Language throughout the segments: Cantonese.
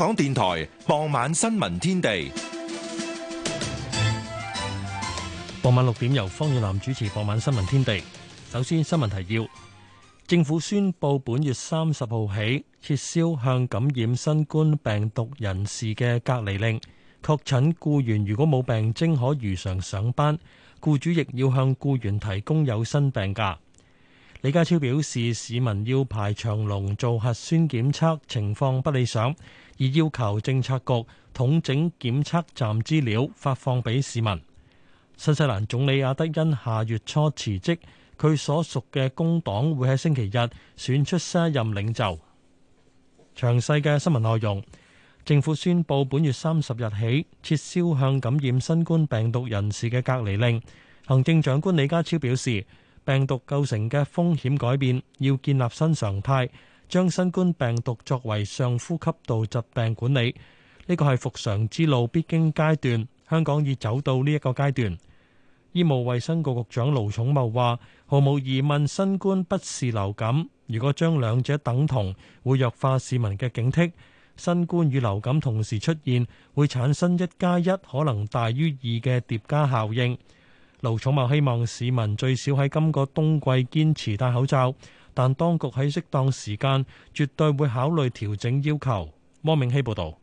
香港電台傍晚新聞天地，傍晚六點由方宇南主持。傍晚新聞天地，首先新聞提要：政府宣布本月三十號起撤銷向感染新冠病毒人士嘅隔離令，確診雇員如果冇病徵，可如常上班；雇主亦要向雇員提供有薪病假。李家超表示，市民要排長龍做核酸檢測情況不理想，而要求政策局統整檢測站資料，發放俾市民。新西蘭總理阿德恩下月初辭職，佢所屬嘅工黨會喺星期日選出新任領袖。詳細嘅新聞內容，政府宣布本月三十日起撤銷向感染新冠病毒人士嘅隔離令。行政長官李家超表示。病毒構成嘅風險改變，要建立新常態，將新冠病毒作為上呼吸道疾病管理，呢個係復常之路必經階段。香港已走到呢一個階段。醫務衛生局局長盧寵茂話：毫無疑問，新冠不是流感。如果將兩者等同，會弱化市民嘅警惕。新冠與流感同時出現，會產生一加一可能大於二嘅疊加效應。盧寵茂希望市民最少喺今個冬季堅持戴口罩，但當局喺適當時間絕對會考慮調整要求。汪明希報道。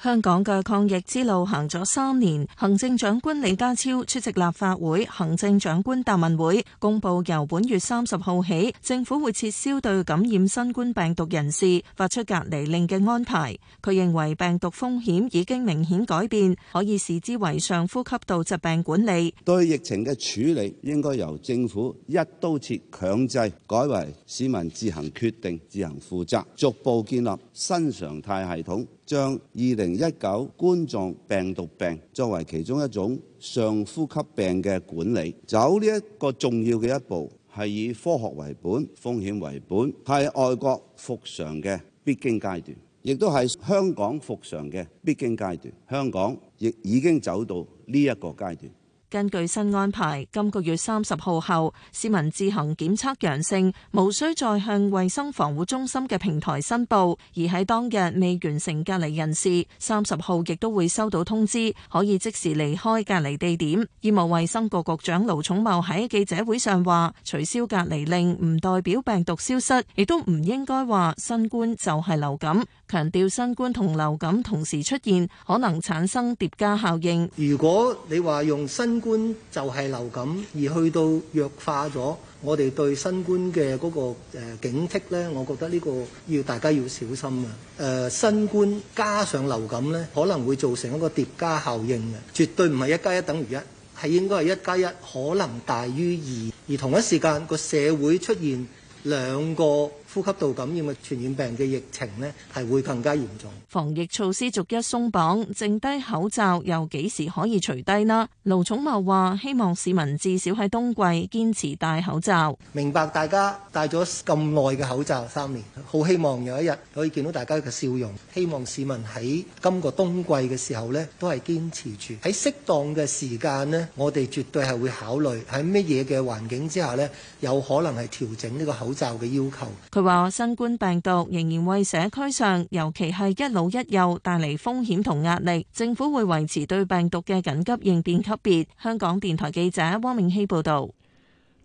香港嘅抗疫之路行咗三年，行政長官李家超出席立法會行政長官答問會，公布由本月三十號起，政府會撤銷對感染新冠病毒人士發出隔離令嘅安排。佢認為病毒風險已經明顯改變，可以視之為上呼吸道疾病管理。對疫情嘅處理應該由政府一刀切強制改為市民自行決定，自行負責，逐步建立新常態系統。將二零一九冠狀病毒病作為其中一種上呼吸病嘅管理，走呢一個重要嘅一步，係以科學為本、風險為本，係外國復常嘅必經階段，亦都係香港復常嘅必經階段。香港亦已經走到呢一個階段。根據新安排，今個月三十號後，市民自行檢測陽性，無需再向衛生防護中心嘅平台申報，而喺當日未完成隔離人士，三十號亦都會收到通知，可以即時離開隔離地點。醫務衛生局局長盧寵茂喺記者會上話，取消隔離令唔代表病毒消失，亦都唔應該話新冠就係流感。強調新冠同流感同時出現，可能產生疊加效應。如果你話用新冠就係流感，而去到弱化咗我哋對新冠嘅嗰個警惕呢，我覺得呢個要大家要小心啊！誒、呃，新冠加上流感呢，可能會造成一個疊加效應嘅，絕對唔係一加一等於一，係應該係一加一可能大於二，而同一時間個社會出現兩個呼吸道感染嘅傳染病嘅疫情呢，係會更加嚴重。防疫措施逐一鬆綁，剩低口罩又幾時可以除低呢？盧寵茂話希望市民至少喺冬季堅持戴口罩。明白大家戴咗咁耐嘅口罩三年，好希望有一日可以見到大家嘅笑容。希望市民喺今個冬季嘅時候呢，都係堅持住，喺適當嘅時間呢，我哋絕對係會考慮喺乜嘢嘅環境之下呢，有可能係調整呢個口罩嘅要求。佢話：新冠病毒仍然為社區上，尤其係一老一幼帶嚟風險同壓力。政府會維持對病毒嘅緊急應變級別。香港電台記者汪明熙報導。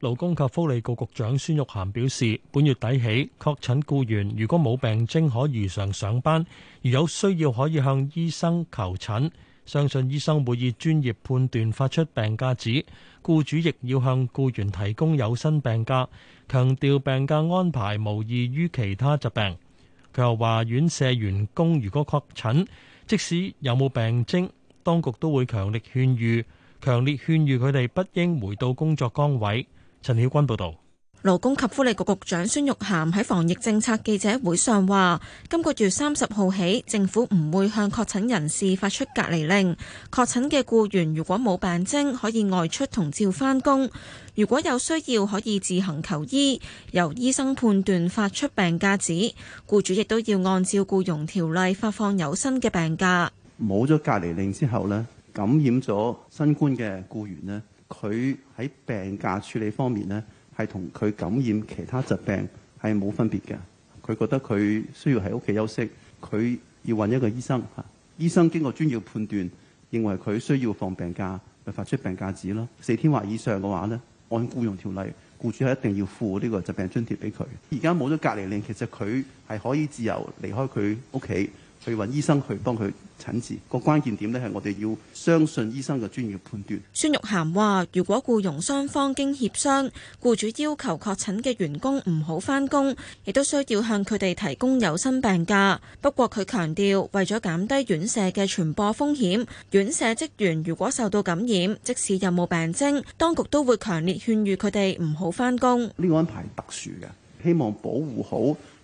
勞工及福利局局，局長孫玉菡表示，本月底起，確診雇員如果冇病徵，可如常上班；如有需要，可以向醫生求診。相信醫生會以專業判斷，發出病假紙。雇主亦要向雇員提供有薪病假，強調病假安排無異於其他疾病。佢又話，院舍員工如果確診，即使有冇病徵，當局都會強力勸喻，強烈勸喻佢哋不應回到工作崗位。陳曉君報道。勞工及福利局局長孫玉菡喺防疫政策記者會上話，今個月三十號起，政府唔會向確診人士發出隔離令。確診嘅僱員如果冇病徵，可以外出同照返工；如果有需要，可以自行求醫，由醫生判斷發出病假紙。僱主亦都要按照僱傭條例發放有薪嘅病假。冇咗隔離令之後呢，感染咗新冠嘅僱員呢，佢喺病假處理方面呢。係同佢感染其他疾病係冇分別嘅。佢覺得佢需要喺屋企休息，佢要搵一個醫生。醫生經過專業判斷，認為佢需要放病假，咪發出病假紙咯。四天或以上嘅話咧，按僱傭條例，僱主係一定要付呢個疾病津貼俾佢。而家冇咗隔離令，其實佢係可以自由離開佢屋企。去揾醫生去幫佢診治。個關鍵點呢，係我哋要相信醫生嘅專業判斷。孫玉涵話，如果僱傭雙方經協商，僱主要求確診嘅員工唔好返工，亦都需要向佢哋提供有薪病假。不過，佢強調為咗減低院舍嘅傳播風險，院舍職員如果受到感染，即使有冇病徵，當局都會強烈勸喻佢哋唔好返工。呢個安排特殊嘅，希望保護好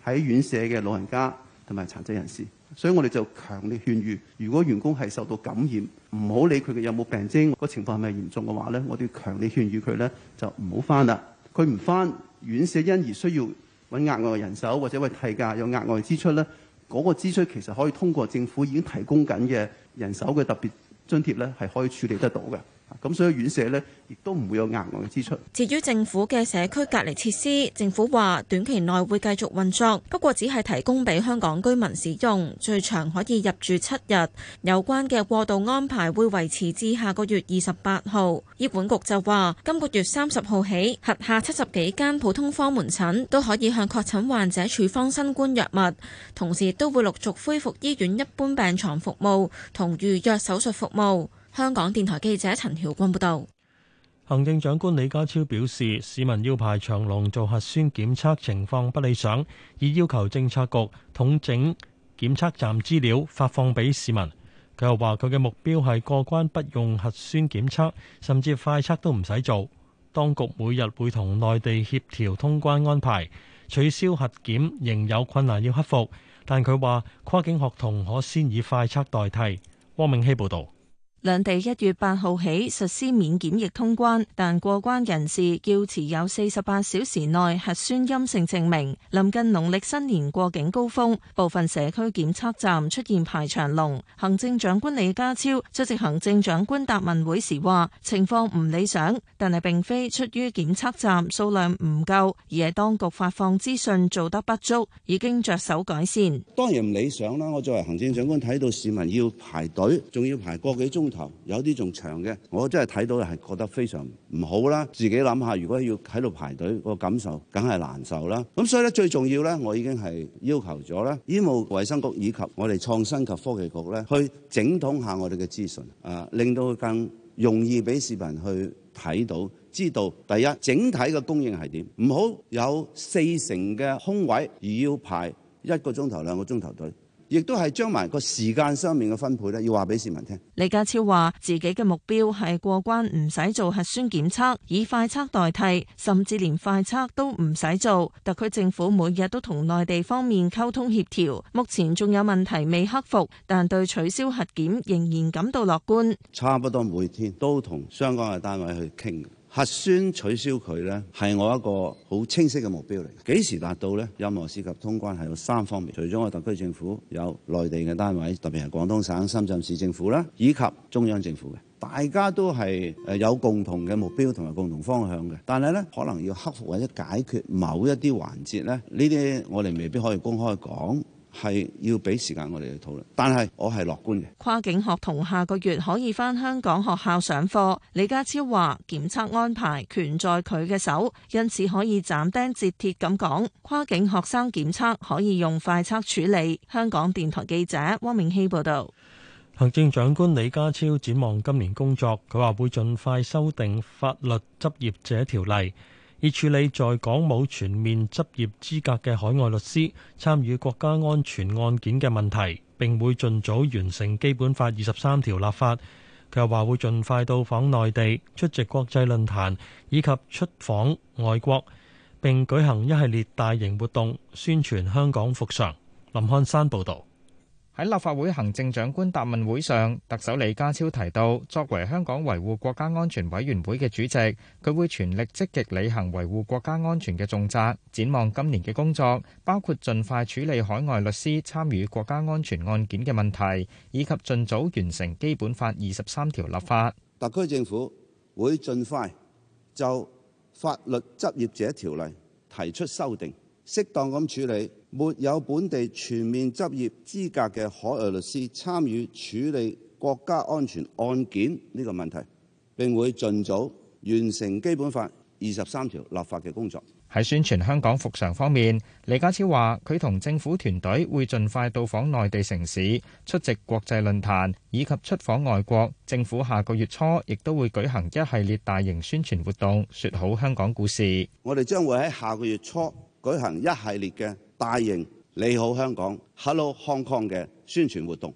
喺院舍嘅老人家同埋殘疾人士。所以我哋就強烈勸喻，如果員工係受到感染，唔好理佢嘅有冇病徵、個情況係咪嚴重嘅話呢，我哋要強烈勸喻佢呢，就唔好返啦。佢唔返，院舍因而需要揾額外人手或者揾替假，有額外支出呢，嗰、那個支出其實可以通過政府已經提供緊嘅人手嘅特別津貼呢係可以處理得到嘅。咁所以院舍咧，亦都唔會有額外支出。至於政府嘅社區隔離設施，政府話短期內會繼續運作，不過只係提供俾香港居民使用，最長可以入住七日。有關嘅過渡安排會維持至下個月二十八號，醫管局就話，今個月三十號起，轄下七十幾間普通科門診都可以向確診患者處方新冠藥物，同時都會陸續恢復醫院一般病床服務同預約手術服務。香港電台記者陳曉君報道，行政長官李家超表示，市民要排長龍做核酸檢測情況不理想，已要求政策局統整檢測站資料，發放俾市民。佢又話佢嘅目標係過關不用核酸檢測，甚至快測都唔使做。當局每日會同內地協調通關安排，取消核檢仍有困難要克服，但佢話跨境學童可先以快測代替。汪明希報道。兩地一月八號起實施免檢疫通關，但過關人士要持有四十八小時內核酸陰性證明。臨近農曆新年過境高峰，部分社區檢測站出現排長龍。行政長官李家超出席行政長官答問會時話：情況唔理想，但係並非出於檢測站數量唔夠，而係當局發放資訊做得不足，已經着手改善。當然唔理想啦。我作為行政長官睇到市民要排隊，仲要排個幾鐘。有啲仲長嘅，我真係睇到係覺得非常唔好啦。自己諗下，如果要喺度排隊，個感受梗係難受啦。咁所以咧，最重要咧，我已經係要求咗啦，醫務衛生局以及我哋創新及科技局咧，去整統下我哋嘅資訊啊，令到佢更容易俾市民去睇到，知道第一整體嘅供應係點，唔好有四成嘅空位，而要排一個鐘頭、兩個鐘頭隊。亦都係將埋個時間上面嘅分配咧，要話俾市民聽。李家超話：自己嘅目標係過關唔使做核酸檢測，以快測代替，甚至連快測都唔使做。特區政府每日都同內地方面溝通協調，目前仲有問題未克服，但對取消核檢仍然感到樂觀。差不多每天都同相關嘅單位去傾。核酸取消佢呢，係我一個好清晰嘅目標嚟。幾時達到呢？任何涉及通關係有三方面。除咗我特區政府有內地嘅單位，特別係廣東省、深圳市政府啦，以及中央政府嘅，大家都係誒有共同嘅目標同埋共同方向嘅。但係呢，可能要克服或者解決某一啲環節呢，呢啲我哋未必可以公開講。係要俾時間我哋去討論，但係我係樂觀嘅。跨境學童下個月可以返香港學校上課。李家超話：檢測安排權在佢嘅手，因此可以斬釘截鐵咁講，跨境學生檢測可以用快測處理。香港電台記者汪明熙報道。行政長官李家超展望今年工作，佢話會盡快修訂法律執業者條例。以處理在港冇全面執業資格嘅海外律師參與國家安全案件嘅問題，並會盡早完成基本法二十三條立法。佢又話會盡快到訪內地，出席國際論壇，以及出訪外國，並舉行一系列大型活動宣傳香港復常。林漢山報導。喺立法會行政長官答問會上，特首李家超提到，作為香港維護國家安全委員會嘅主席，佢會全力積極履行維護國家安全嘅重責。展望今年嘅工作，包括盡快處理海外律師參與國家安全案件嘅問題，以及儘早完成基本法二十三條立法。特區政府會盡快就法律執業者條例提出修訂，適當咁處理。沒有本地全面執業資格嘅海外律師參與處理國家安全案件呢個問題，並會盡早完成《基本法》二十三條立法嘅工作。喺宣傳香港復常方面，李家超話，佢同政府團隊會盡快到訪內地城市，出席國際論壇，以及出訪外國。政府下個月初亦都會舉行一系列大型宣傳活動，說好香港故事。我哋將會喺下個月初舉行一系列嘅。大型你好香港、Hello Hong Kong 嘅宣傳活動，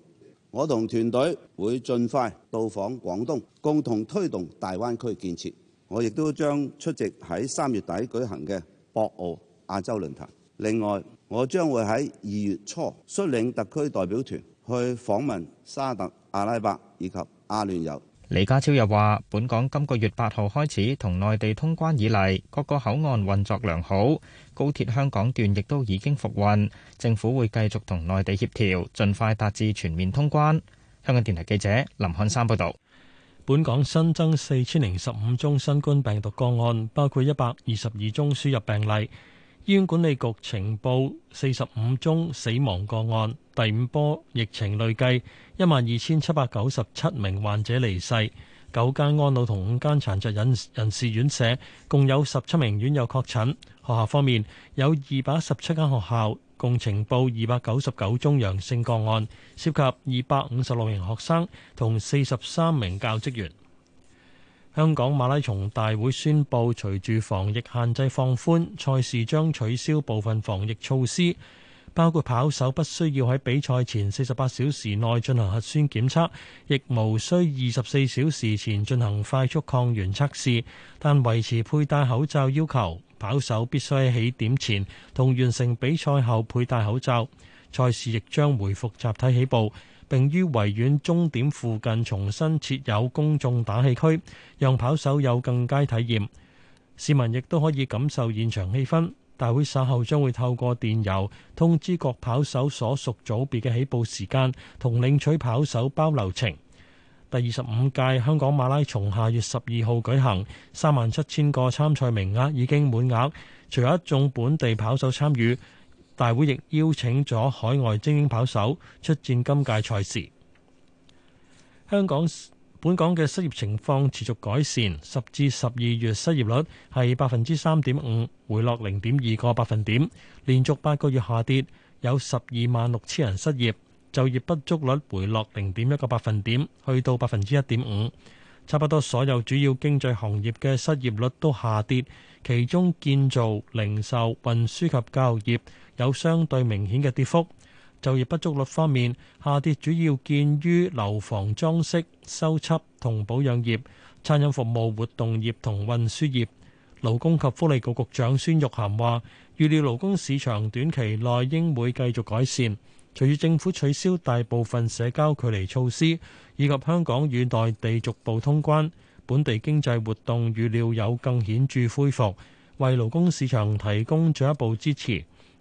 我同團隊會盡快到訪廣東，共同推動大灣區建設。我亦都將出席喺三月底舉行嘅博鰲亞洲論壇。另外，我將會喺二月初率領特區代表團去訪問沙特阿拉伯以及阿聯酋。李家超又話：本港今個月八號開始同內地通關以嚟，各個口岸運作良好。高鐵香港段亦都已經復運，政府會繼續同內地協調，盡快達至全面通關。香港電台記者林漢山報道。本港新增四千零十五宗新冠病毒個案，包括一百二十二宗輸入病例。醫院管理局呈報四十五宗死亡個案。第五波疫情累計一萬二千七百九十七名患者離世。九間安老同五間殘疾人人士院舍共有十七名院友確診。學校方面有二百一十七間學校，共呈報二百九十九宗陽性個案，涉及二百五十六名學生同四十三名教職員。香港馬拉松大會宣布，隨住防疫限制放寬，賽事將取消部分防疫措施。包括跑手不需要喺比賽前四十八小時內進行核酸檢測，亦無需二十四小時前進行快速抗原測試。但維持佩戴口罩要求。跑手必須喺起點前同完成比賽後佩戴口罩。賽事亦將回復集體起步，並於維園終點附近重新設有公眾打氣區，讓跑手有更佳體驗，市民亦都可以感受現場氣氛。大會稍後將會透過電郵通知各跑手所屬組別嘅起步時間同領取跑手包流程。第二十五屆香港馬拉松下月十二號舉行，三萬七千個參賽名額已經滿額。除咗一眾本地跑手參與，大會亦邀請咗海外精英跑手出戰今屆賽事。香港。本港嘅失業情況持續改善，十至十二月失業率係百分之三點五，回落零點二個百分點，連續八個月下跌，有十二萬六千人失業，就業不足率回落零點一個百分點，去到百分之一點五，差不多所有主要經濟行業嘅失業率都下跌，其中建造、零售、運輸及教育業有相對明顯嘅跌幅。就業不足率方面下跌，主要見於樓房裝飾、修葺同保養業、餐飲服務活動業同運輸業。勞工及福利局局長孫玉菡話：預料勞工市場短期內應會繼續改善，隨住政府取消大部分社交距離措施，以及香港與內地逐步通關，本地經濟活動預料有更顯著恢復，為勞工市場提供進一步支持。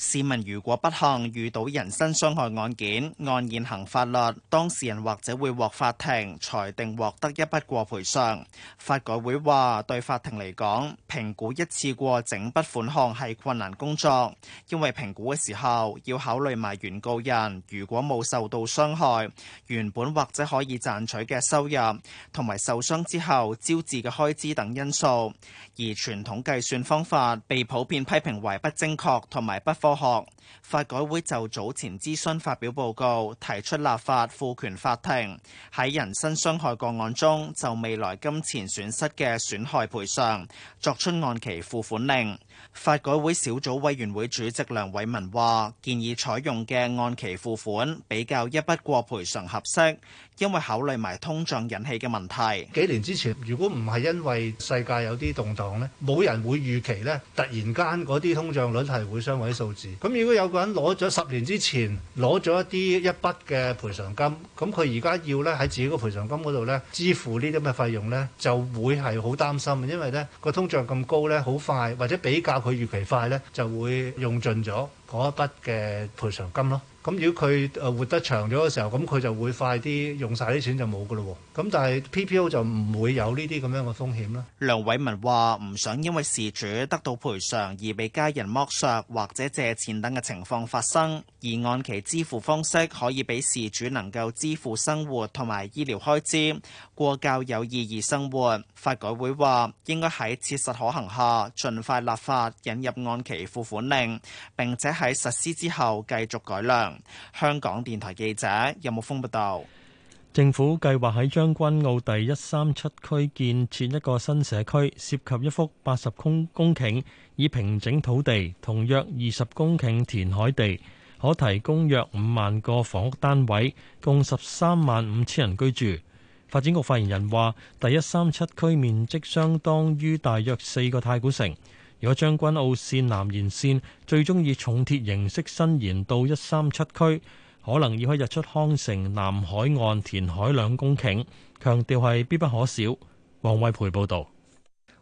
市民如果不幸遇到人身傷害案件，按現行法律，當事人或者會獲法庭裁定獲得一筆過賠償。法改會話，對法庭嚟講，評估一次過整筆款項係困難工作，因為評估嘅時候要考慮埋原告人如果冇受到傷害，原本或者可以賺取嘅收入，同埋受傷之後招致嘅開支等因素。而傳統計算方法被普遍批評為不正確同埋不方。科學法改會就早前諮詢發表報告，提出立法賦權法庭喺人身傷害個案中，就未來金錢損失嘅損害賠償作出按期付款令。法改會小組委員會主席梁偉文話：建議採用嘅按期付款，比較一筆過賠償合適。因為考慮埋通脹引起嘅問題，幾年之前如果唔係因為世界有啲動盪呢，冇人會預期呢，突然間嗰啲通脹率係會雙位數字。咁如果有個人攞咗十年之前攞咗一啲一筆嘅賠償金，咁佢而家要咧喺自己個賠償金嗰度呢，支付呢啲咁嘅費用呢，就會係好擔心，因為呢個通脹咁高呢，好快或者比較佢預期快呢，就會用盡咗。嗰一筆嘅賠償金咯，咁如果佢活得長咗嘅時候，咁佢就會快啲用晒啲錢就冇噶咯喎，咁但係 PPO 就唔會有呢啲咁樣嘅風險啦。梁偉文話：唔想因為事主得到賠償而被家人剝削或者借錢等嘅情況發生，而按期支付方式可以俾事主能夠支付生活同埋醫療開支，過較有意義生活。法改會話應該喺切實可行下，盡快立法引入按期付款令，並且，喺實施之後繼續改良。香港電台記者任木峯報道，政府計劃喺將軍澳第一三七區建設一個新社區，涉及一幅八十公頃以平整土地，同約二十公頃填海地，可提供約五萬個房屋單位，共十三萬五千人居住。發展局發言人話：第一三七區面積相當於大約四個太古城。如果將軍澳線南延線最終以重鐵形式伸延到一三七區，可能要喺日出康城南海岸填海兩公頃，強調係必不可少。黃惠培報導，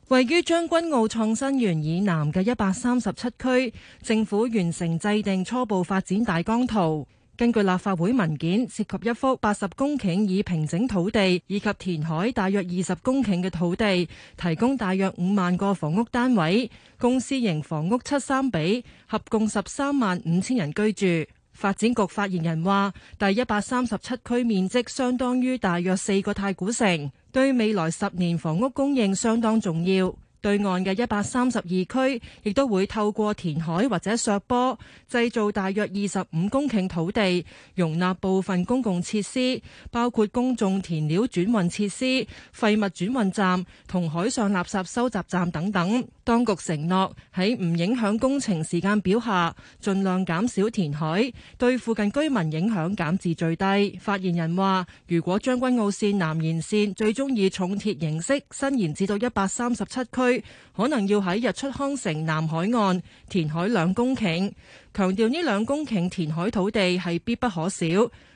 位於將軍澳創新園以南嘅一百三十七區，政府完成制定初步發展大綱圖。根據立法會文件，涉及一幅八十公頃已平整土地以及填海大約二十公頃嘅土地，提供大約五萬個房屋單位。公司型房屋七三比，合共十三萬五千人居住。發展局發言人話，第一百三十七區面積相當於大約四個太古城，對未來十年房屋供應相當重要。對岸嘅一百三十二區亦都會透過填海或者削坡，製造大約二十五公頃土地，容納部分公共設施，包括公眾填料轉運設施、廢物轉運站同海上垃圾收集站等等。當局承諾喺唔影響工程時間表下，盡量減少填海對附近居民影響減至最低。發言人話：如果將軍澳線南延線最終以重鐵形式伸延至到一百三十七區，可能要喺日出康城南海岸填海兩公頃，強調呢兩公頃填海土地係必不可少，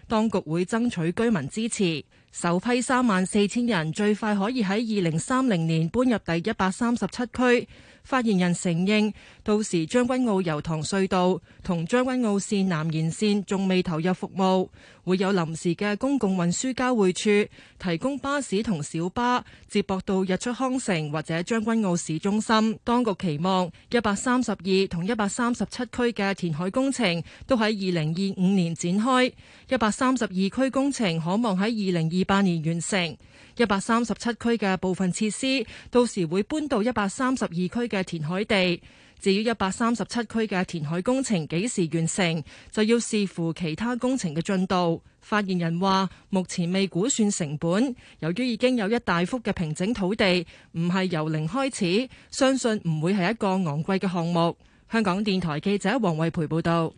當局會爭取居民支持，首批三萬四千人最快可以喺二零三零年搬入第一百三十七區。發言人承認，到時將軍澳油塘隧道同將軍澳線南延線仲未投入服務，會有臨時嘅公共運輸交匯處提供巴士同小巴接駁到日出康城或者將軍澳市中心。當局期望一百三十二同一百三十七區嘅填海工程都喺二零二五年展開。一百三十二區工程可望喺二零二八年完成。一百三十七區嘅部分設施，到時會搬到一百三十二區嘅填海地。至於一百三十七區嘅填海工程幾時完成，就要視乎其他工程嘅進度。發言人話：目前未估算成本，由於已經有一大幅嘅平整土地，唔係由零開始，相信唔會係一個昂貴嘅項目。香港電台記者黃惠培報道。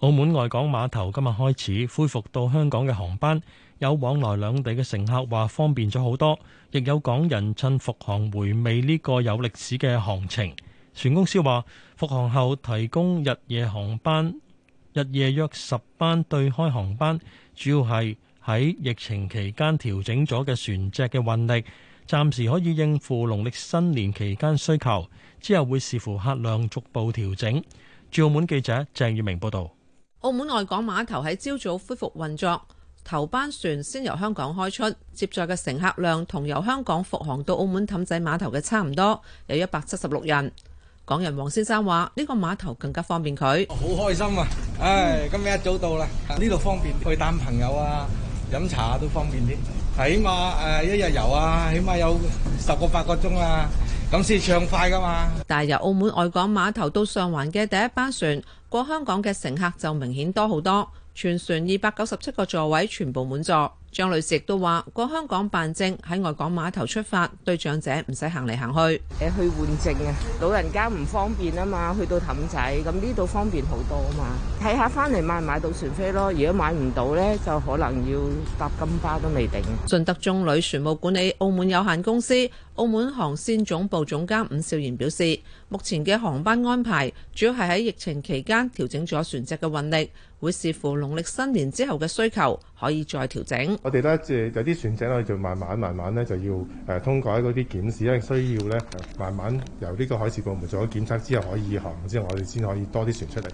澳門外港碼頭今日開始恢復到香港嘅航班。有往來兩地嘅乘客話方便咗好多，亦有港人趁復航回味呢個有歷史嘅航程。船公司話復航後提供日夜航班，日夜約十班對開航班，主要係喺疫情期間調整咗嘅船隻嘅運力，暫時可以應付農曆新年期間需求，之後會視乎客量逐步調整。駐澳門記者鄭月明報道。澳門外港碼頭喺朝早恢復運作。頭班船先由香港開出，接載嘅乘客量同由香港復航到澳門氹仔碼頭嘅差唔多，有一百七十六人。港人黃先生話：呢個碼頭更加方便佢，好開心啊！唉，今日一早到啦，呢度方便去探朋友啊，飲茶都方便啲。起碼誒一日遊啊，起碼有十個八個鐘啊，咁先暢快噶嘛。但係由澳門外港碼頭到上環嘅第一班船過香港嘅乘客就明顯多好多。全船二百九十七個座位全部滿座。張女士亦都話過香港辦證喺外港碼頭出發，對長者唔使行嚟行去。誒，去換證啊！老人家唔方便啊嘛，去到氹仔咁呢度方便好多啊嘛，睇下翻嚟買唔買到船飛咯。如果買唔到呢，就可能要搭金巴都未定。信德中旅船務管理澳門有限公司澳門航線總部總監伍少賢表示，目前嘅航班安排主要係喺疫情期間調整咗船隻嘅運力，會視乎農曆新年之後嘅需求，可以再調整。我哋咧，即係有啲船隻咧，就慢慢慢慢咧，就要誒通過嗰啲檢視咧，因為需要咧慢慢由呢個海事部門做咗檢測之後可以航，之後我哋先可以多啲船出嚟。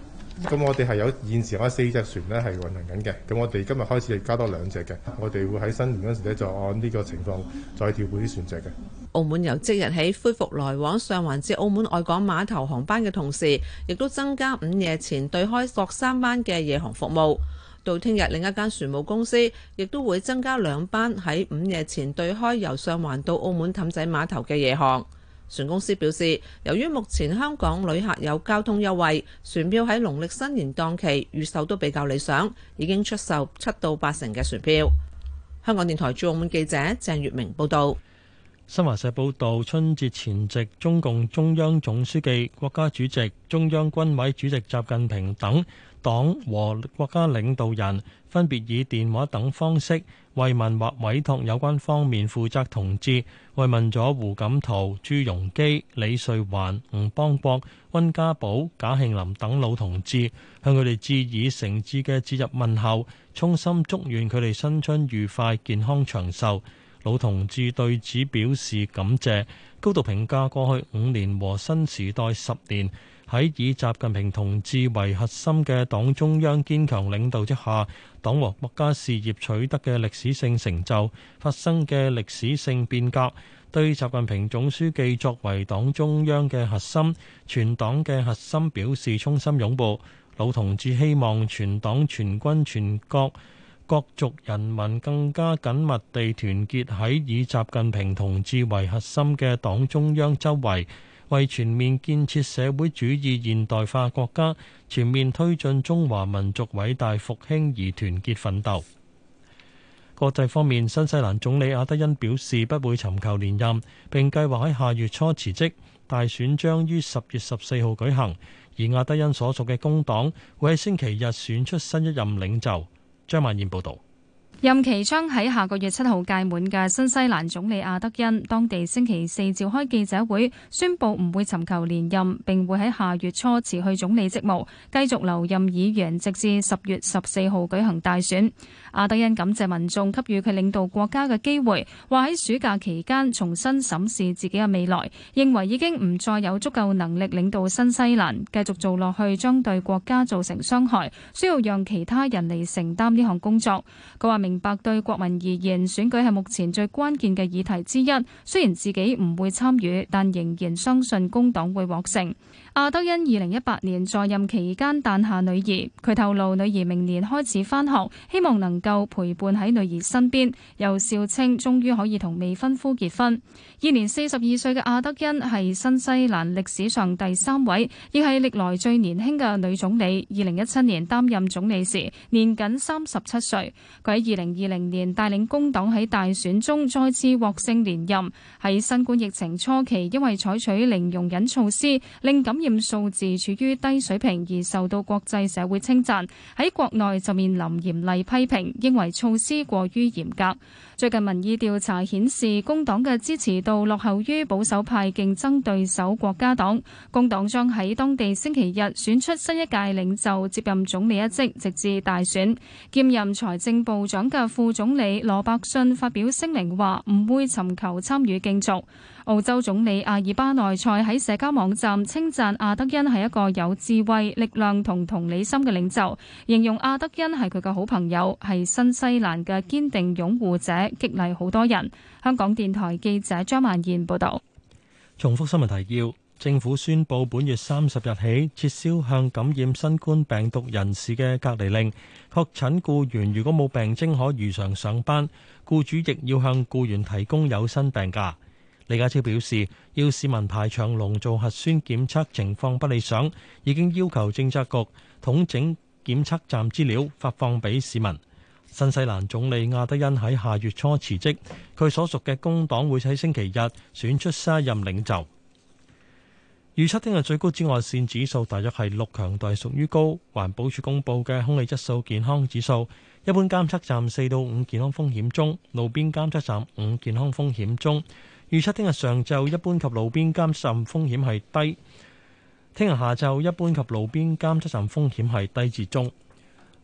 咁我哋係有現時開四隻船咧係運行緊嘅。咁我哋今日開始加多兩隻嘅，我哋會喺新年嗰時咧就按呢個情況再調配啲船隻嘅。澳門由即日起恢復來往上環至澳門外港碼頭航班嘅同時，亦都增加午夜前對開各三班嘅夜航服務。到聽日，另一間船務公司亦都會增加兩班喺午夜前對開由上環到澳門氹仔碼頭嘅夜航。船公司表示，由於目前香港旅客有交通優惠，船票喺農曆新年檔期預售都比較理想，已經出售七到八成嘅船票。香港電台駐澳門記者鄭月明報道，新華社報道，春節前夕，中共中央總書記、國家主席、中央軍委主席習近平等。黨和國家領導人分別以電話等方式慰問或委託有關方面負責同志，慰問咗胡錦濤、朱鎔基、李瑞環、吳邦國、温家寶、賈慶林等老同志，向佢哋致以誠摯嘅節日問候，衷心祝願佢哋新春愉快、健康長壽。老同志對此表示感謝，高度評價過去五年和新時代十年。喺以習近平同志為核心嘅黨中央堅強領導之下，黨和國家事業取得嘅歷史性成就、發生嘅歷史性變革，對習近平總書記作為黨中央嘅核心、全黨嘅核心表示衷心擁護。老同志希望全黨全軍全國各族人民更加緊密地團結喺以習近平同志為核心嘅黨中央周圍。為全面建設社會主義現代化國家，全面推進中華民族偉大復興而團結奮鬥。國際方面，新西蘭總理阿德恩表示不會尋求連任，並計劃喺下月初辭職。大選將於十月十四號舉行，而阿德恩所屬嘅工黨會喺星期日選出新一任領袖。張曼燕報道。任期將喺下個月七號屆滿嘅新西蘭總理阿德恩，當地星期四召開記者會，宣布唔會尋求連任，並會喺下月初辭去總理職務，繼續留任議員，直至十月十四號舉行大選。阿德恩感謝民眾給予佢領導國家嘅機會，話喺暑假期間重新審視自己嘅未來，認為已經唔再有足夠能力領導新西蘭，繼續做落去將對國家造成傷害，需要讓其他人嚟承擔呢項工作。佢話。明白對國民而言，選舉係目前最關鍵嘅議題之一。雖然自己唔會參與，但仍然相信工黨會獲勝。阿德恩二零一八年在任期間誕下女兒，佢透露女兒明年開始返學，希望能夠陪伴喺女兒身邊。又笑稱終於可以同未婚夫結婚。現年四十二歲嘅阿德恩係新西蘭歷史上第三位，亦係歷來最年輕嘅女總理。二零一七年擔任總理時年僅三十七歲。佢喺二零二零年帶領工黨喺大選中再次獲勝連任。喺新冠疫情初期，因為採取零容忍措施，令感染數字處於低水平而受到國際社會稱讚，喺國內就面臨嚴厲批評，認為措施過於嚴格。最近民意調查顯示，工黨嘅支持度落後於保守派競爭對手國家黨。工黨將喺當地星期日選出新一屆領袖，接任總理一職，直至大選。兼任財政部長嘅副總理羅伯遜發表聲明話，唔會尋求參與競逐。澳洲總理阿爾巴內塞喺社交網站稱讚阿德恩係一個有智慧、力量同同理心嘅領袖，形容阿德恩係佢嘅好朋友，係新西蘭嘅堅定擁護者，激勵好多人。香港電台記者張萬燕報道。重複新聞提要：政府宣布本月三十日起撤銷向感染新冠病毒人士嘅隔離令，確診僱員如果冇病徵可如常上班，僱主亦要向僱員提供有薪病假。李家超表示，要市民排長龍做核酸檢測，情況不理想，已經要求政策局統整檢測站資料，發放俾市民。新西蘭總理阿德恩喺下月初辭職，佢所屬嘅工黨會喺星期日選出新任領袖。預測聽日最高紫外線指數大約係六，強度屬於高。環保署公布嘅空氣質素健康指數，一般監測站四到五健康風險中，路邊監測站五健康風險中。預測聽日上晝一般及路邊監測站風險係低，聽日下晝一般及路邊監測站風險係低至中。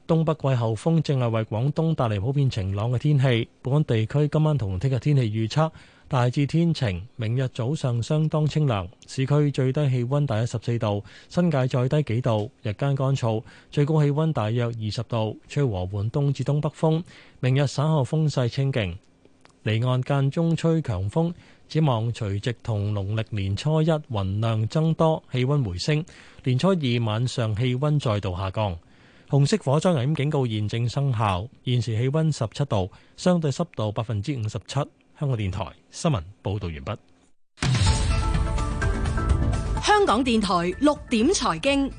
東北季候風正係為廣東帶嚟普遍晴朗嘅天氣。本港地區今晚同聽日天氣預測大致天晴，明日早上相當清涼，市區最低氣温大約十四度，新界再低幾度，日間乾燥，最高氣温大約二十度，吹和緩東至東北風。明日稍後風勢清勁。離岸間中吹強風，展望除夕同農曆年初一雲量增多，氣溫回升。年初二晚上氣溫再度下降。紅色火災危險警告現正生效。現時氣溫十七度，相對濕度百分之五十七。香港電台新聞報道完畢。香港電台六點財經。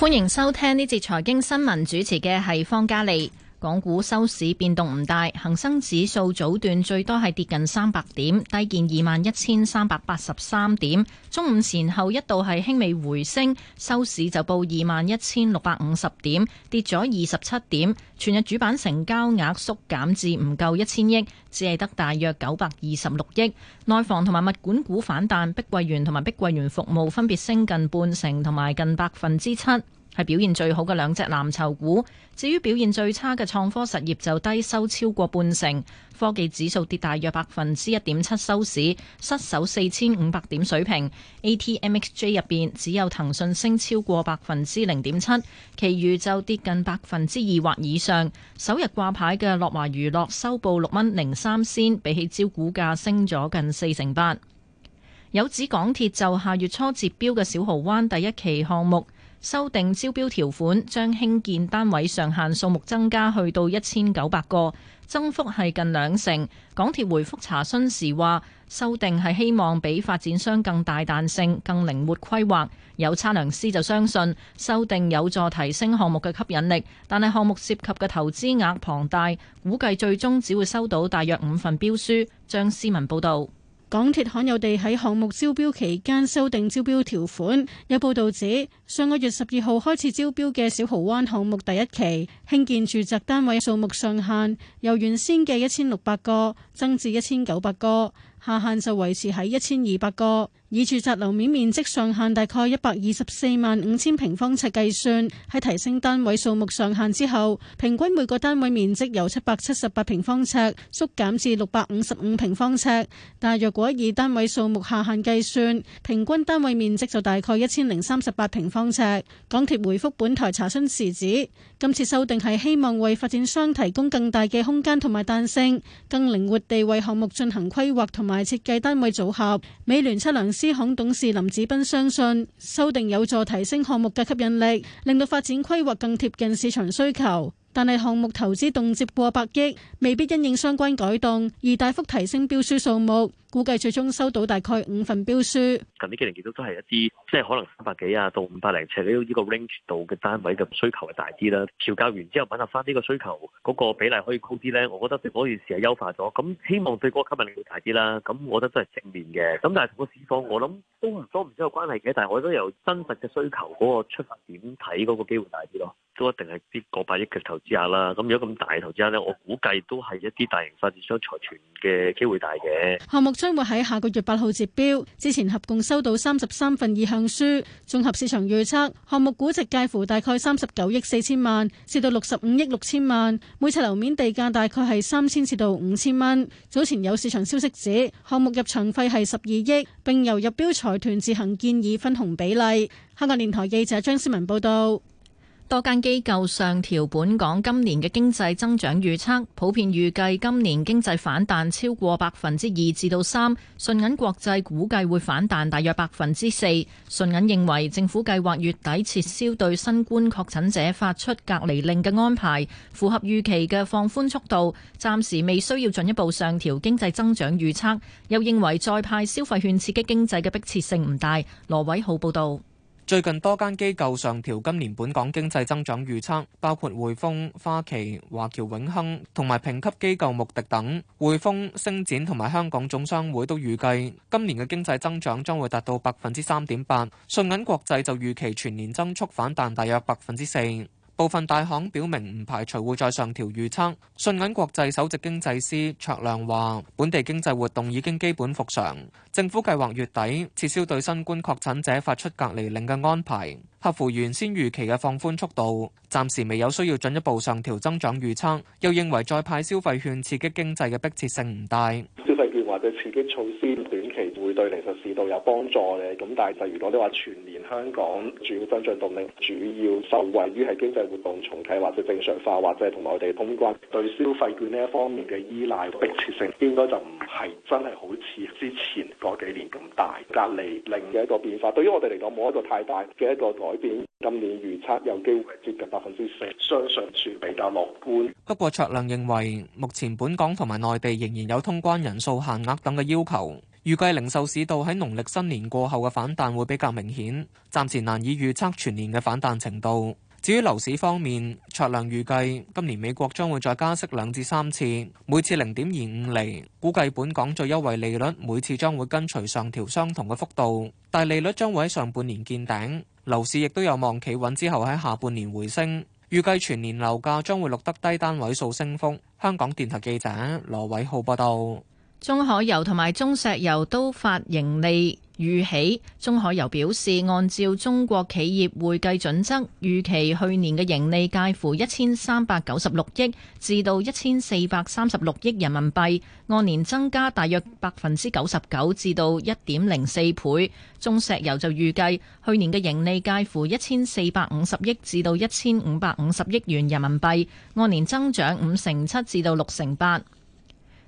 歡迎收聽呢節財經新聞，主持嘅係方嘉利。港股收市變動唔大，恒生指數早段最多係跌近三百點，低見二萬一千三百八十三點，中午前後一度係輕微回升，收市就報二萬一千六百五十點，跌咗二十七點，全日主板成交額縮縮減至唔夠一千億，只係得大約九百二十六億，內房同埋物管股反彈，碧桂園同埋碧桂園服務分別升近半成同埋近百分之七。係表現最好嘅兩隻藍籌股。至於表現最差嘅創科實業就低收超過半成，科技指數跌大約百分之一點七收市，失守四千五百點水平。A T M X J 入面只有騰訊升超過百分之零點七，其餘就跌近百分之二或以上。首日掛牌嘅樂華娛樂收報六蚊零三仙，比起招股價升咗近四成八。有指港鐵就下月初截標嘅小濠灣第一期項目，修訂招標條款，將興建單位上限數目增加去到一千九百個，增幅係近兩成。港鐵回覆查詢時話，修訂係希望俾發展商更大彈性、更靈活規劃。有測量師就相信修訂有助提升項目嘅吸引力，但係項目涉及嘅投資額龐大，估計最終只會收到大約五份標書。張思文報道。港鐵罕有地喺項目招標期間修訂招標條款，有報道指上個月十二號開始招標嘅小蠔灣項目第一期興建住宅單位數目上限由原先嘅一千六百個增至一千九百個，下限就維持喺一千二百個。以住宅樓面面積上限大概一百二十四萬五千平方尺計算，喺提升單位數目上限之後，平均每個單位面積由七百七十八平方尺縮減至六百五十五平方尺。但若果以單位數目下限計算，平均單位面積就大概一千零三十八平方尺。港鐵回覆本台查詢時指，今次修訂係希望為發展商提供更大嘅空間同埋彈性，更靈活地為項目進行規劃同埋設計單位組合。美聯測量支行董事林子斌相信，修訂有助提升項目嘅吸引力，令到發展規劃更貼近市場需求。但係項目投資動輒過百億，未必因應相關改動而大幅提升標書數目。估計最終收到大概五份標書。近呢幾年其實都係一啲，即係可能三百幾啊到五百零尺呢呢個 range 度嘅單位嘅需求係大啲啦。調教完之後，揾下翻呢個需求嗰個比例可以高啲咧，我覺得對嗰件事係優化咗。咁希望對嗰個吸引力會大啲啦。咁我覺得都係正面嘅。咁但係同個市況，我諗都唔多唔少有關係嘅。但係我都由真實嘅需求嗰個出發點睇嗰個機會大啲咯。都一定係啲過百億嘅投資額啦。咁如果咁大投資額咧，我估計都係一啲大型發展商財團嘅機會大嘅項目。將會喺下個月八號截標，之前合共收到三十三份意向書。綜合市場預測，項目估值介乎大概三十九億四千萬至到六十五億六千萬，每尺樓面地價大概係三千至到五千蚊。早前有市場消息指，項目入場費係十二億，並由入標財團自行建議分紅比例。香港電台記者張思文報道。多間機構上調本港今年嘅經濟增長預測，普遍預計今年經濟反彈超過百分之二至到三。信銀國際估計會反彈大約百分之四。信銀認為政府計劃月底撤銷對新冠確診者發出隔離令嘅安排，符合預期嘅放寬速度，暫時未需要進一步上調經濟增長預測。又認為再派消費券刺激經濟嘅迫切性唔大。羅偉浩報導。最近多間機構上調今年本港經濟增長預測，包括匯豐、花旗、華僑永亨同埋評級機構穆迪等。匯豐、星展同埋香港總商會都預計今年嘅經濟增長將會達到百分之三點八。信銀國際就預期全年增速反彈大約百分之四。部分大行表明唔排除會再上調預測，信銀國際首席經濟師卓亮話：本地經濟活動已經基本復常，政府計劃月底撤銷對新冠確診者發出隔離令嘅安排，合乎原先預期嘅放寬速度，暫時未有需要進一步上調增長預測，又認為再派消費券刺激經濟嘅迫切性唔大。消費券或者刺激措施短期會對零售市道有幫助嘅，咁但係就如果你話全年香港主要增長動力主要受惠於係經濟活動重啟或者正常化，或者同內地通關對消費券呢一方面嘅依賴迫切性應該就唔係真係好似之前嗰幾年咁大。隔離令嘅一個變化對於我哋嚟講冇一個太大嘅一個。改變今年預測有機會接近百分之四，相信處比較樂觀。不過，卓亮認為目前本港同埋內地仍然有通關人數限額等嘅要求，預計零售市道喺農曆新年過後嘅反彈會比較明顯，暫時難以預測全年嘅反彈程度。至於樓市方面，卓亮預計今年美國將會再加息兩至三次，每次零點二五厘，估計本港最優惠利率每次將會跟隨上調相同嘅幅度，但利率將會喺上半年見頂。樓市亦都有望企穩之後喺下半年回升，預計全年樓價將會錄得低單位數升幅。香港電台記者羅偉浩報道。中海油同埋中石油都發盈利。預起，中海油表示，按照中國企業會計準則，預期去年嘅盈利介乎一千三百九十六億至到一千四百三十六億人民幣，按年增加大約百分之九十九至到一點零四倍。中石油就預計去年嘅盈利介乎一千四百五十億至到一千五百五十億元人民幣，按年增長五成七至到六成八。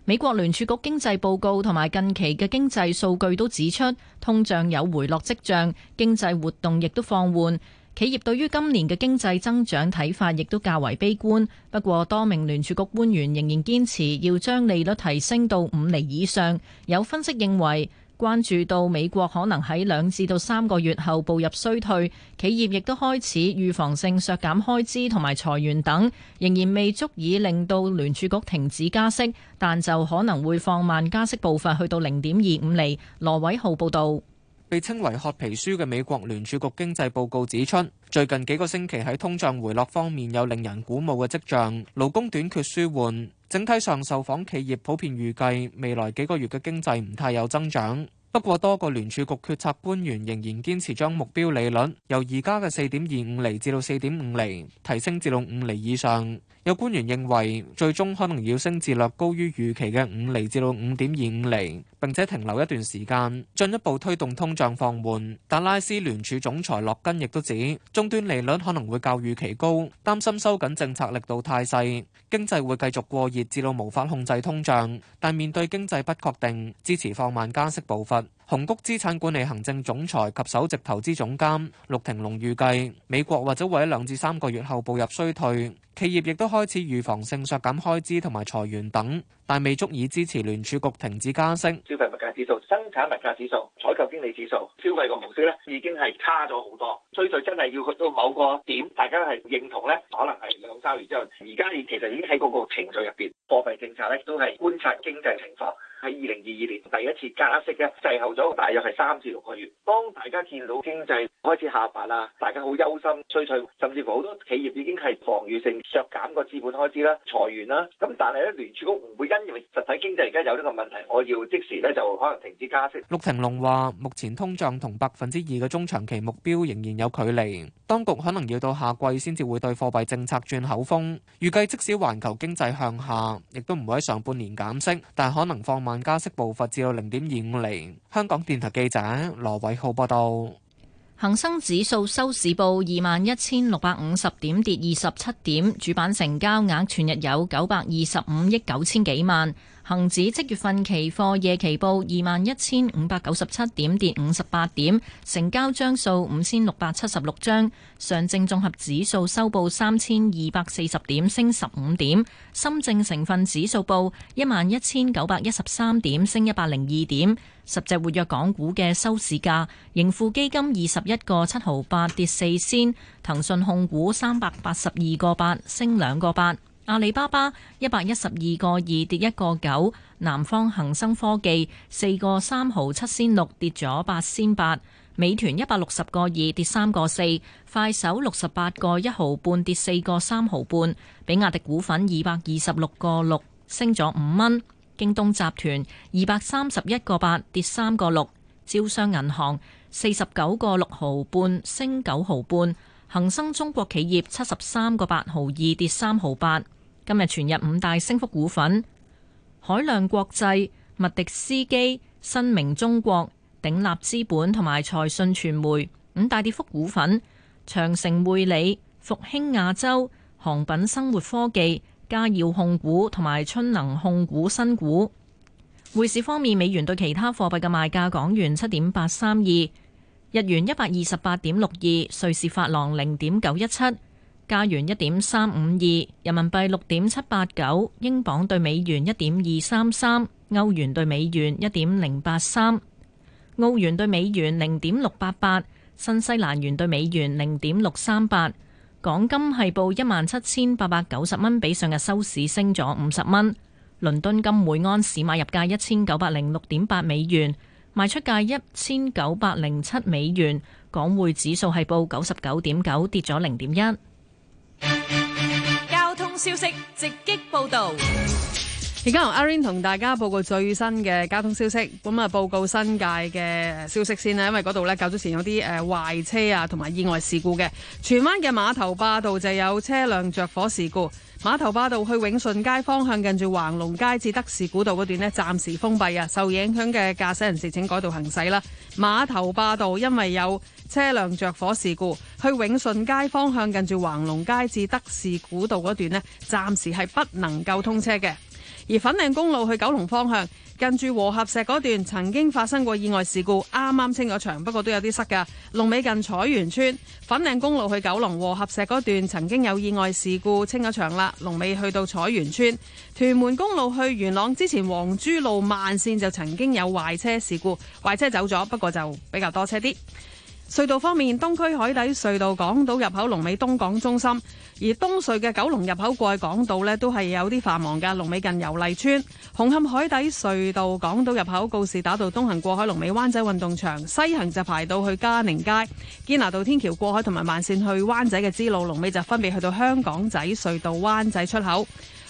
美國聯儲局經濟報告同埋近期嘅經濟數據都指出，通脹有回落跡象，經濟活動亦都放緩，企業對於今年嘅經濟增長睇法亦都較為悲觀。不過，多名聯儲局官員仍然堅持要將利率提升到五厘以上。有分析認為，關注到美國可能喺兩至到三個月後步入衰退，企業亦都開始預防性削減開支同埋裁員等，仍然未足以令到聯儲局停止加息，但就可能會放慢加息步伐去到零點二五厘。羅偉浩報導，被稱為褐皮書嘅美國聯儲局經濟報告指出，最近幾個星期喺通脹回落方面有令人鼓舞嘅跡象，勞工短缺舒緩。整體上，受訪企業普遍預計未來幾個月嘅經濟唔太有增長。不過，多個聯儲局決策官員仍然堅持將目標利率由而家嘅四點二五厘至到四點五厘提升至到五厘以上。有官員認為，最終可能要升至略高於預期嘅五厘至到五點二五厘，並且停留一段時間，進一步推動通脹放緩。但拉斯聯儲總裁洛根亦都指，終端利率可能會較預期高，擔心收緊政策力度太細，經濟會繼續過熱至到無法控制通脹。但面對經濟不確定，支持放慢加息步伐。紅谷資產管理行政總裁及首席投資總監陸庭龍預計，美國或者會喺兩至三個月後步入衰退，企業亦都開始預防性削減開支同埋裁員等，但未足以支持聯儲局停止加息。消費物價指數、生產物價指數、採購經理指數，消費個模式咧已經係差咗好多，衰退真係要去到某個點，大家係認同咧，可能係兩三年之後。而家已其實已經喺嗰個程序入邊，貨幣政策咧都係觀察經濟情況。喺二零二二年第一次加息咧，滯後咗大約係三至六個月。當大家見到經濟開始下滑啦，大家好憂心衰退，甚至乎好多企業已經係防禦性削減個資本開支啦、裁員啦。咁但係咧，聯儲局唔會因為實體經濟而家有呢個問題，我要即時咧就可能停止加息。陸廷龍話：目前通脹同百分之二嘅中長期目標仍然有距離，當局可能要到夏季先至會對貨幣政策轉口風。預計即使環球經濟向下，亦都唔會喺上半年減息，但係可能放慢。加息步伐至到零點二五厘。香港電台記者羅偉浩報道，恒生指數收市報二萬一千六百五十點，跌二十七點。主板成交額全日有九百二十五億九千幾萬。恒指即月份期貨夜期報二萬一千五百九十七點，跌五十八點，成交張數五千六百七十六張。上證綜合指數收報三千二百四十點，升十五點。深證成分指數報一萬一千九百一十三點，升一百零二點。十隻活躍港股嘅收市價，盈富基金二十一個七毫八跌四仙，騰訊控股三百八十二個八升兩個八。阿里巴巴一百一十二個二跌一個九，南方恒生科技四個三毫七仙六跌咗八仙八，美團一百六十個二跌三個四，2, 4, 快手六十八個一毫半跌四個三毫半，比亞迪股份二百二十六個六升咗五蚊，京東集團二百三十一個八跌三個六，招商銀行四十九個六毫半升九毫半。恒生中國企業七十三個八毫二跌三毫八，今日全日五大升幅股份：海量國際、麥迪斯基、新明中國、鼎立資本同埋財訊傳媒；五大跌幅股份：長城匯理、復興亞洲、航品生活科技、嘉耀控股同埋春能控股新股。匯市方面，美元對其他貨幣嘅賣價，港元七點八三二。日元一百二十八點六二，瑞士法郎零點九一七，加元一點三五二，人民幣六點七八九，英鎊對美元一點二三三，歐元對美元一點零八三，澳元對美元零點六八八，新西蘭元對美元零點六三八。港金係報一萬七千八百九十蚊，比上日收市升咗五十蚊。倫敦金每安士買入價一千九百零六點八美元。賣出價一千九百零七美元，港匯指數係報九十九點九，跌咗零點一。交通消息直擊報道。而家由阿 rain 同大家報告最新嘅交通消息。咁啊，報告新界嘅消息先啦，因為嗰度咧，較早前有啲誒壞車啊，同埋意外事故嘅。荃灣嘅碼頭霸道就有車輛着火事故。碼頭霸道去永順街方向近住橫龍街至德士古道嗰段呢，暫時封閉啊。受影響嘅駕駛人士，請改道行駛啦。碼頭霸道因為有車輛着火事故，去永順街方向近住橫龍街至德士古道嗰段呢，暫時係不能夠通車嘅。而粉嶺公路去九龍方向，近住和合石嗰段曾經發生過意外事故，啱啱清咗場，不過都有啲塞㗎。龍尾近彩園村，粉嶺公路去九龍和合石嗰段曾經有意外事故，清咗場啦。龍尾去到彩園村，屯門公路去元朗之前黃珠路慢線就曾經有壞車事故，壞車走咗，不過就比較多車啲。隧道方面，東區海底隧道港島入口龍尾東港中心；而東隧嘅九龍入口過去港島咧，都係有啲繁忙㗎龍尾近油麗邨。紅磡海底隧道港島入口告士打道東行過海龍尾灣仔運動場，西行就排到去嘉寧街。堅拿道天橋過海同埋慢線去灣仔嘅支路龍尾就分別去到香港仔隧道灣仔出口。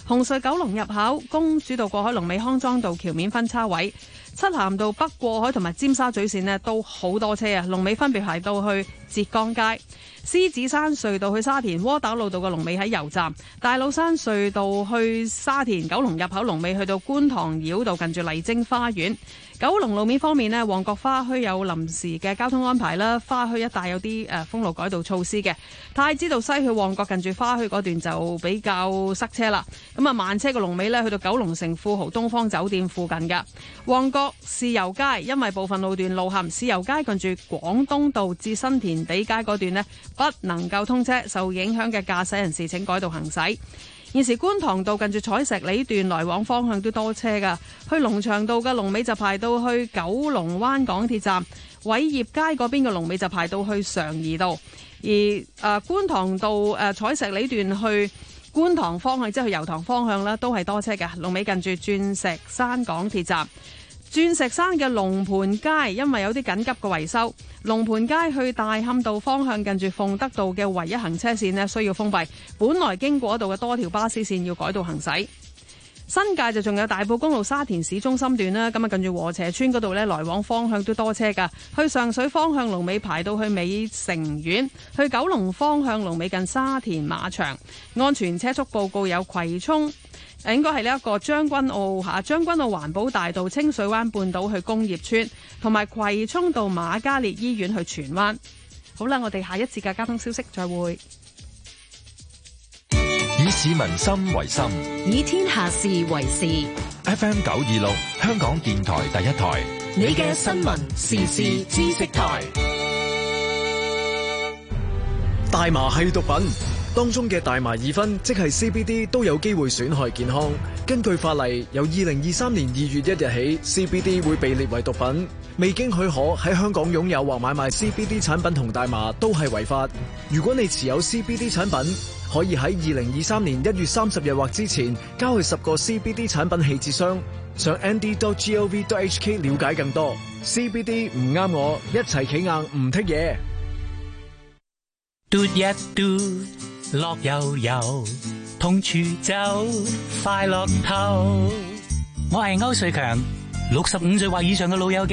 紅隧九龍入口公主道過海龍尾康莊道橋面分叉位。漆咸道北過海同埋尖沙咀線呢都好多車啊，龍尾分別排到去。浙江街、獅子山隧道去沙田窩打老道嘅龍尾喺油站，大老山隧道去沙田九龍入口龍尾去到觀塘繞道近住麗晶花園。九龍路面方面咧，旺角花墟有臨時嘅交通安排啦，花墟一帶有啲誒封路改道措施嘅。太子道西去旺角近住花墟嗰段就比較塞車啦。咁啊慢車嘅龍尾咧去到九龍城富豪東方酒店附近噶。旺角豉油街因為部分路段路陷，豉油街近住廣東道至新田。地街嗰段咧不能夠通車，受影響嘅駕駛人士請改道行駛。現時觀塘道近住彩石里段來往方向都多車噶，去龍翔道嘅龍尾就排到去九龍灣港鐵站，偉業街嗰邊嘅龍尾就排到去常怡道。而誒、呃、觀塘道誒、呃、彩石里段去觀塘方向即係去油塘方向咧都係多車嘅，龍尾近住鑽石山港鐵站。鑽石山嘅龍盤街，因為有啲緊急嘅維修，龍盤街去大磡道方向近住鳳德道嘅唯一行車線咧，需要封閉。本來經過嗰度嘅多條巴士綫要改道行駛。新界就仲有大埔公路沙田市中心段啦，咁啊近住禾輋邨嗰度呢來往方向都多車噶，去上水方向龍尾排到去美城苑，去九龍方向龍尾近沙田馬場。安全車速報告有葵涌。應該係呢一個將軍澳吓，將、啊、軍澳環保大道清水灣半島去工業村，同埋葵涌到馬嘉烈醫院去荃灣。好啦，我哋下一節嘅交通消息再會。以市民心為心，以天下事為事。FM 九二六，香港電台第一台，你嘅新聞時事知識台。大麻係毒品。當中嘅大麻二酚，即係 CBD 都有機會損害健康。根據法例，由二零二三年二月一日起，CBD 會被列為毒品。未經許可喺香港擁有或買賣 CBD 產品同大麻都係違法。如果你持有 CBD 產品，可以喺二零二三年一月三十日或之前交去十個 CBD 產品棄置箱。上 nd.gov.hk 了解更多。CBD 唔啱我，一齊企硬唔 take 嘢。嘟一嘟。Do, that, do. 樂悠悠，通處走快樂透。我係歐瑞強，六十五歲或以上嘅老友記。